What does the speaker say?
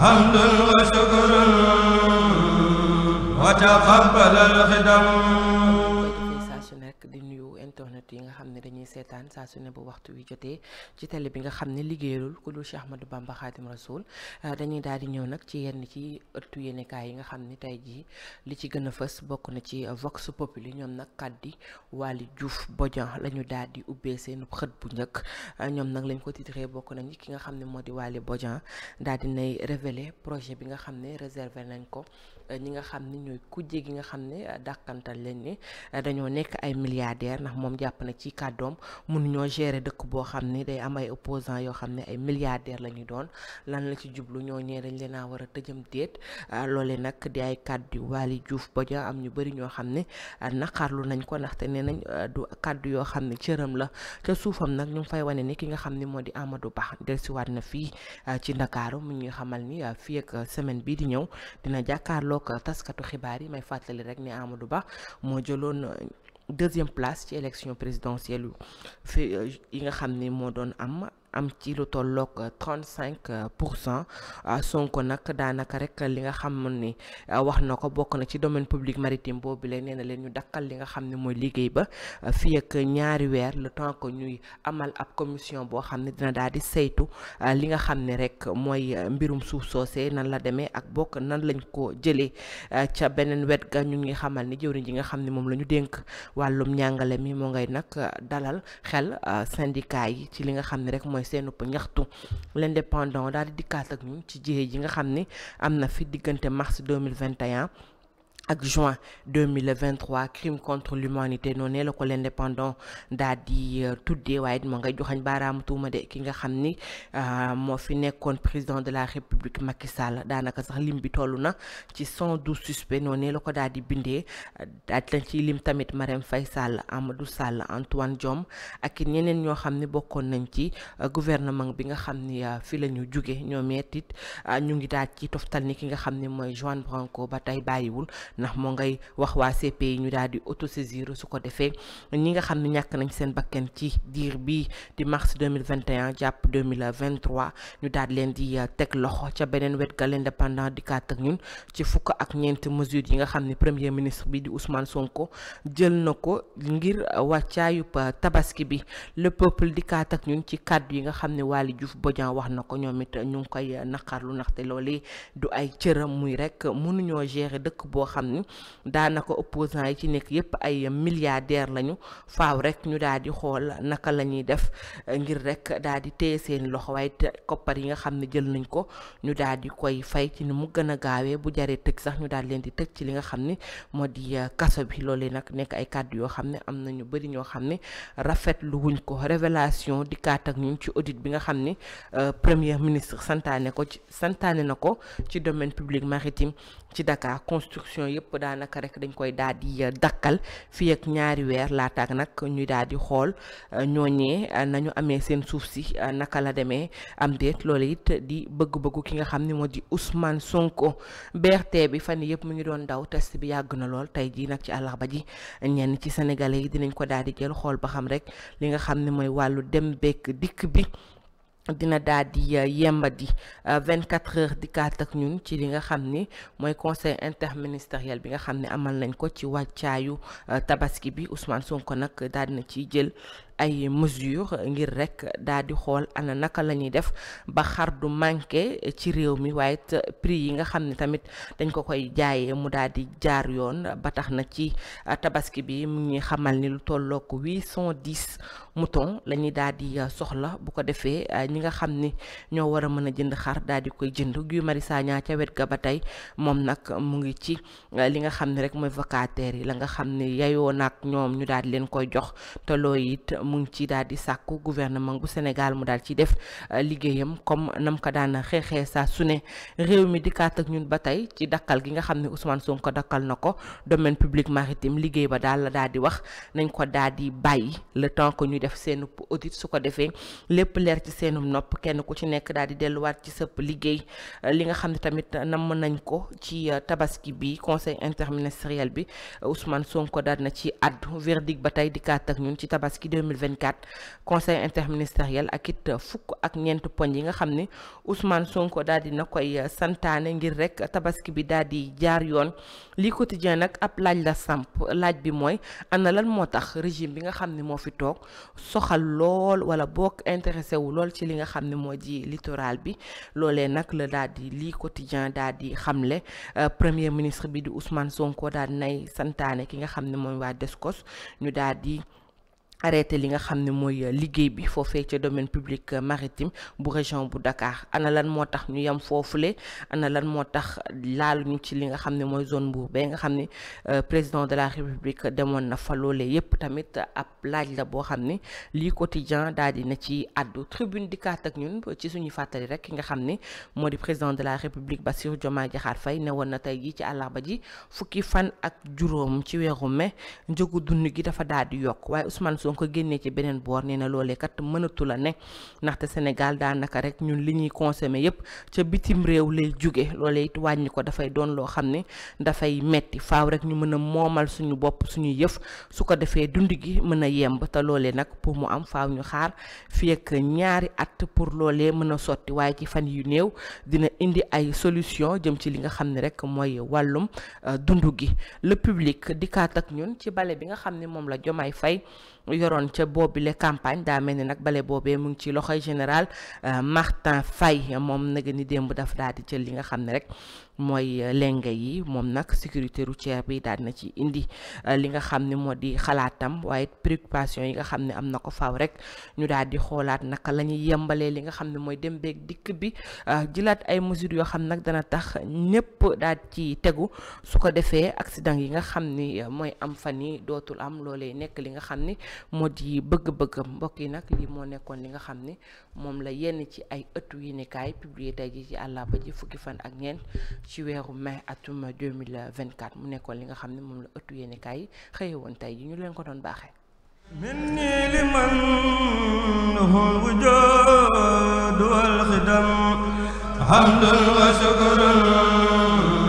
حمد وشكر وتقبل الخدم seetaan saa su ne bu waxtu wi jotee ci télé bi nga xam ne liggéeyalul ku dul Cheikh Ahmadou Bamba Khadim Rasoul euh, dañuy daal di ñëw nag ci yenn ci ëttu yéenekaay yi nga xam ne tey jii li ci gën a fës bokk na ci Vox Populi ñoom nag kàddi Waly Diouf Bodian la ñu daal di ubbee seen xët bu njëkk euh, ñoom nag lañ ko titré bokk nañ ki nga xam ne moo di Waly Bodian daal di nay révéler projet bi nga xam ne réservé nañ ko euh, ñi nga xam ne ñooy kujje gi nga xam ne dàkkantal leen ni dañoo nekk ay milliardaires ndax moom jàpp na ci kàddoom mun ñoo gérer dëkk boo xam ni day am ay opposants yoo xam ne ay milliardaires la ñu doon lan la ci jublu ñoo ñee dañ leen a war a tëjëm déet ah, loole nag di ay yu kàddu Waly Diouf Bodiang am ñu bëri ñoo xam ne ah, naqarlu nañ ko ndaxte nee nañ ah, du kàddu yoo xam ne cëram la ca suufam nag ñu ngi fay wane ni ki nga xam ne moo di Amadou Ba dellusiwaat na fii ci Ndakaaru mu ñuy xamal ni fii semaine bii di ñëw dina jàkkaarloog taskatu xibaar yi may fàttali rek ni Amadou Ba moo jëloon deuxième place ci élection présidentielle euh, yi nga xam ni moo doon am am ci lu tolloog 35 euh, euh, pour cent euh, Sonko nag daanaka rek li nga xam ni wax na ko bokk na ci domaine public maritime boobu leen nee na leen ñu dakkal li nga xam ne mooy liggéey ba fii ak ñaari weer le temps que ñuy amal ab commission boo xam ne dina daal di saytu li nga xam ne rek mooy mbirum suuf soosee nan la deme ak bokk nan lañ ko jëlee ca beneen wet ga ñu ngi xamal ni jëwriñ ji nga xam ni moom la ñu dénk wàllum njàngale mi moo ngay nag dalal xel syndicat yi ci li seen seenub ñaxtu l'indépendant daal di dikkaatak ñun ci jiyee ji nga xam ni am na fi diggante mars 2021 ak juin 2023 crime contre l'humanité noonu la ko l'indépendant daal di euh, tuddee waaye it moo ngay joxañ baaraamu tuuma de ki nga xam ni euh, moo fi nekkoon président de la république Macky Sall daanaka sax lim bi toll na ci 112 suspects noonu la ko daal di bindee daal ci lim tamit Marème fay Sall Amadou Sall Antoine Diome ak it ñeneen ñoo xam ni bokkoon nañ ci euh, gouvernement bi nga xam ni fi la ñu jugee ñoom it ñu ngi daal ci toftal ni ki nga xam ni mooy Juan Branco ba tey bàyyiwul ndax moo ngay wax waa CPI ñu daal di autosaisir su ko defee ñi nga xam ne ñàkk nañ seen bakken ci diir bi di mars 2021 jàpp 2023 ñu daal di leen di euh, teg loxo ca beneen wet ga l'indépendant di kaat ak ñun ci fukk ak ñeenti mesures yi nga xam ne premier ministre bi di Ousmane Sonko jël na ko ngir euh, wàccaayub euh, tabaski bi le peuple di kaat ak ñun ci kàddu yi nga xam ne Waly Diouf Bodian wax na ko ñoom it ñu ngi koy naqarlu ndaxte loolee du ay cëram muy rek mënuñoo gérer dëkk xam ni daanaka opposants yi ci nekk yépp ay milliardaires lañu faaw rek ñu daal di xool naka la ñuy def eh, ngir rek daal di téye seen loxo waaye koppar yi nga xam ne jël nañ ko ñu daal di koy fay ci ni mu gën a gaawee bu jaree tëj sax ñu daal leen di tëj ci li nga xam ni moo di eh, kaso bi loolee nag nekk ay kàddu yoo xam ne am na ñu bëri ñoo xam ne rafetlu wuñ ko révélation di kaat ak ci audit bi nga xam ni eh, premier ministre santaane ko santaane na ko ci domaine public yëpp daanaka rek dañ koy daal di euh, dakkal fi ak ñaari weer laataak nag ñuy daal di xool euh, ñooñee euh, nañu amee seen suuf si naka la demee am déet loolu it di bëgg-bëggu ki nga xam ni moo di Ousmane Sonko BRT bi fan yëpp mu ngi doon daw test bi yàgg na lool tey jii nag ci ba ji ñenn ci sénégalais yi dinañ ko daal di jël xool ba xam rek li nga xam ne mooy wàllu dem bekk dikk bi dina daal di euh, yembadi 24 euh, heures di kaat ak ñun ci li nga xam ni mooy conseil interministériel bi nga xam ne amal nañ ko ci wàccaayu euh, tabaski bi Ousmane ko nag daal dina ciy jël ay mesures ngir rek daal di xool ana naka la ñuy def ba xar du manqué ci réew mi waaye it prix yi nga xam ne tamit dañ ko koy jaaye mu daal di jaar yoon ba tax na ci tabaski bi mu ngi xamal ni lu tollook huit cent dix muton la ñuy daal di soxla bu ko defee ñi nga xam ni ñoo war a mën a jënd xar daal di koy jënd Guy Marius Sagna ca wet ga ba tey moom nag mu ngi ci li nga xam ne rek mooy vacataires yi la nga xam ne yayoo nag ñoom ñu daal di leen koy jox te mu ngi ci daal di sàkku gouvernement bu Sénégal mu daal ci def euh, liggéeyam comme nam ko daan xeexee saa su ne réew mi dikkaat ak ñun ba tey ci dakkal gi nga xam ne Ousmane Sonko dakkal na ko domaine public maritime liggéey ba daal la daal di wax nañ ko daal di bàyyi le temps que def seen audit su ko defee lépp leer ci seenum nopp kenn ku ci nekk daal di delluwaat ci sëpp liggéey euh, li nga xam ne tamit nam nañ ko ci euh, tabaski bi conseil interministériel bi Ousmane Sonko daal na ci addu verdict ba tey dikkaat ñun ci tabaski 2024 conseil interministériel ak it fukk ak ñeent poñ yi nga xam ni Ousmane Sonko daal di na koy euh, santaane ngir rek tabaski bi daal di jaar yoon lii quotidien nag ab laaj la samp laaj bi mooy ana lan moo tax régime bi nga xam ni moo fi toog soxal lool wala bokk intéressé wu lool ci li nga xam ne moo ji littoral bi loolee nag la daal di lii quotidien daal di xamle euh, premier ministre bi di Ousmane Sonko daal nay santaane ki nga xam ne mooy waa Descos ñu arrêté li nga xam ne mooy euh, liggéey bi foofee ca domaine public euh, maritime bu région bu Dakar ana lan moo tax ñu yem foofule ana lan moo tax laalu ñu ci li nga xam ne mooy zone Mbour ba nga xam ne euh, président de la république demoon na fa loolee yépp tamit ab laaj la boo xam ne lii quotidien daal di ne ci àddu tribune di kaat ak ñun ci suñuy fàttali rek ki nga xam ni moo di président de la république Bassirou Diomaye Diakhar fay ne woon na tey jii ci àllarba ji fukki fan ak juróom ci weeru mai njëgu dund gi dafa daal yokk ko génnee ci beneen boor nee na loolee kat mënatu la ne ndaxte Sénégal daanaka rek ñun li ñuy consommer yépp ca bitim réew lay jóge loole it wàññi ko dafay doon loo xam ne dafay metti faaw rek ñu mën a moomal suñu bopp suñu yëf su ko defee dund gi mën a yemb te loolee nag pour mu am faaw ñu xaar fii ak ñaari att pour loolee mën a sotti waaye ci fan yu néew dina indi ay solution jëm ci li nga xam ne rek mooy wàllum euh, dund gi le public dikkaat ak ñu ci bale bi nga xam ne moom la Diomaye Faye yoroon ca la campagne daa mel ni nag bale boobee mu ngi ci loxoy général euh, Martin Faye moom nag ni démb dafa daal di jël li nga xam ne rek mooy euh, lenga yi moom nag sécurité routière bi daal na ci indi euh, li nga xam ne moo di xalaatam waaye préoccupation yi nga xam ne am na ko faaw rek ñu daal di xoolaat nag la ñuy yembalee li nga xam ne mooy dem beeg dikk bi euh, jëlaat ay mesures yoo xam nag dana tax ñëpp daal ci tegu su ko defee accident yi nga xam ni mooy am fan yi dootul am loole nekk li nga xam ni moo di bëgg bëgg mbokk yi nag lii moo nekkoon li nga xam ni moom la yenn ci ay ëttu yi nikaay publié tey ji ci àllaba ji fukki fan ak ñeent ci weeru mai vingt 2024 mu nekkoon li nga xam ne moom la ëttu yéenekaay yi xëye woon tey yi ñu leen ko doon baaxee minni liman hul wujud wal xidam hamdun wa shukrun